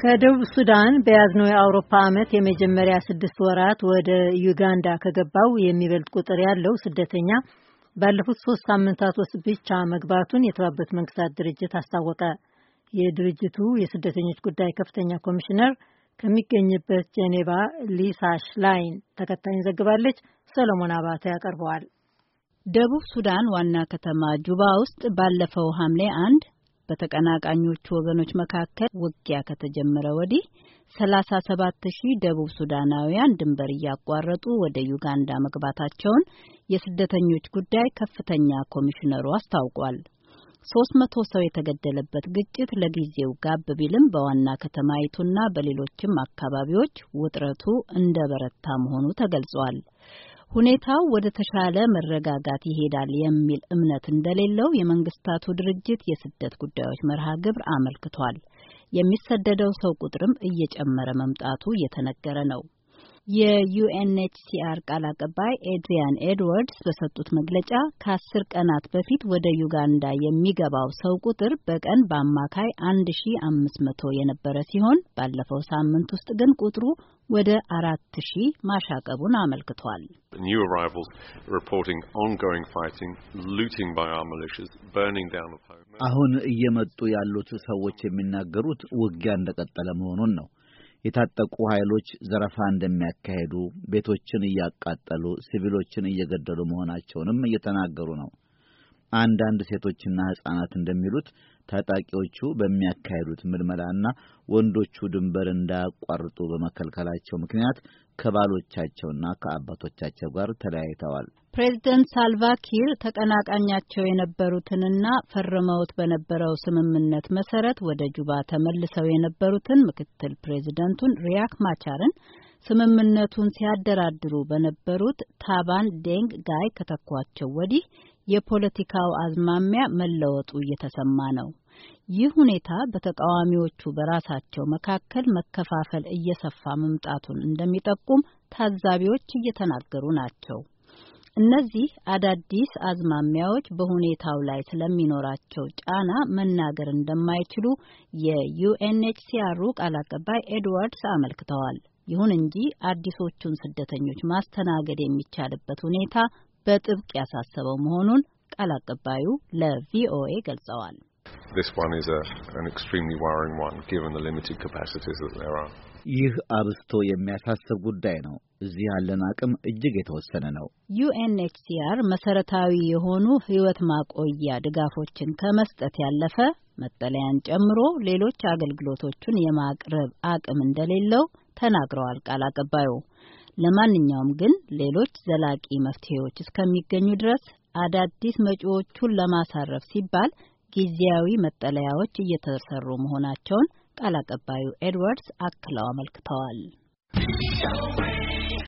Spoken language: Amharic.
ከደቡብ ሱዳን በያዝነው የአውሮፓ ዓመት የመጀመሪያ ስድስት ወራት ወደ ዩጋንዳ ከገባው የሚበልጥ ቁጥር ያለው ስደተኛ ባለፉት ሶስት ሳምንታት ውስጥ ብቻ መግባቱን የተባበሩት መንግስታት ድርጅት አስታወቀ። የድርጅቱ የስደተኞች ጉዳይ ከፍተኛ ኮሚሽነር ከሚገኝበት ጄኔቫ ሊሳ ሽላይን ተከታይን ዘግባለች። ሰለሞን አባተ ያቀርበዋል። ደቡብ ሱዳን ዋና ከተማ ጁባ ውስጥ ባለፈው ሐምሌ አንድ በተቀናቃኞቹ ወገኖች መካከል ውጊያ ከተጀመረ ወዲህ 37 ሺህ ደቡብ ሱዳናውያን ድንበር እያቋረጡ ወደ ዩጋንዳ መግባታቸውን የስደተኞች ጉዳይ ከፍተኛ ኮሚሽነሩ አስታውቋል። 300 ሰው የተገደለበት ግጭት ለጊዜው ጋብ ቢልም በዋና ከተማይቱና በሌሎችም አካባቢዎች ውጥረቱ እንደበረታ መሆኑ ተገልጿል። ሁኔታው ወደ ተሻለ መረጋጋት ይሄዳል የሚል እምነት እንደሌለው የመንግስታቱ ድርጅት የስደት ጉዳዮች መርሃ ግብር አመልክቷል። የሚሰደደው ሰው ቁጥርም እየጨመረ መምጣቱ እየተነገረ ነው። የዩኤንኤችሲአር ቃል አቀባይ ኤድሪያን ኤድዋርድስ በሰጡት መግለጫ ከአስር ቀናት በፊት ወደ ዩጋንዳ የሚገባው ሰው ቁጥር በቀን በአማካይ ሺ መቶ የነበረ ሲሆን ባለፈው ሳምንት ውስጥ ግን ቁጥሩ ወደ ሺህ ማሻቀቡን አመልክቷል። አሁን እየመጡ ያሉት ሰዎች የሚናገሩት ውጊያ እንደቀጠለ መሆኑን ነው። የታጠቁ ኃይሎች ዘረፋ እንደሚያካሄዱ፣ ቤቶችን እያቃጠሉ ሲቪሎችን እየገደሉ መሆናቸውንም እየተናገሩ ነው። አንዳንድ ሴቶችና ሕፃናት እንደሚሉት ታጣቂዎቹ በሚያካሄዱት ምልመላና ወንዶቹ ድንበር እንዳያቋርጡ በመከልከላቸው ምክንያት ከባሎቻቸውና ከአባቶቻቸው ጋር ተለያይተዋል። ፕሬዝደንት ሳልቫኪር ተቀናቃኛቸው የነበሩትንና ፈርመውት በነበረው ስምምነት መሰረት ወደ ጁባ ተመልሰው የነበሩትን ምክትል ፕሬዝደንቱን ሪያክ ማቻርን ስምምነቱን ሲያደራድሩ በነበሩት ታባን ዴንግ ጋይ ከተኳቸው ወዲህ የፖለቲካው አዝማሚያ መለወጡ እየተሰማ ነው። ይህ ሁኔታ በተቃዋሚዎቹ በራሳቸው መካከል መከፋፈል እየሰፋ መምጣቱን እንደሚጠቁም ታዛቢዎች እየተናገሩ ናቸው። እነዚህ አዳዲስ አዝማሚያዎች በሁኔታው ላይ ስለሚኖራቸው ጫና መናገር እንደማይችሉ የዩኤንኤችሲአሩ ቃል አቀባይ ኤድዋርድስ አመልክተዋል። ይሁን እንጂ አዲሶቹን ስደተኞች ማስተናገድ የሚቻልበት ሁኔታ በጥብቅ ያሳሰበው መሆኑን ቃል አቀባዩ ለቪኦኤ ገልጸዋል። ይህ አብስቶ የሚያሳስብ ጉዳይ ነው። እዚህ ያለን አቅም እጅግ የተወሰነ ነው። ዩኤንኤችሲአር መሰረታዊ የሆኑ ህይወት ማቆያ ድጋፎችን ከመስጠት ያለፈ መጠለያን ጨምሮ ሌሎች አገልግሎቶችን የማቅረብ አቅም እንደሌለው ተናግረዋል ቃል አቀባዩ። ለማንኛውም ግን ሌሎች ዘላቂ መፍትሄዎች እስከሚገኙ ድረስ አዳዲስ መጪዎቹን ለማሳረፍ ሲባል ጊዜያዊ መጠለያዎች እየተሰሩ መሆናቸውን ቃል አቀባዩ ኤድዋርድስ አክለው አመልክተዋል።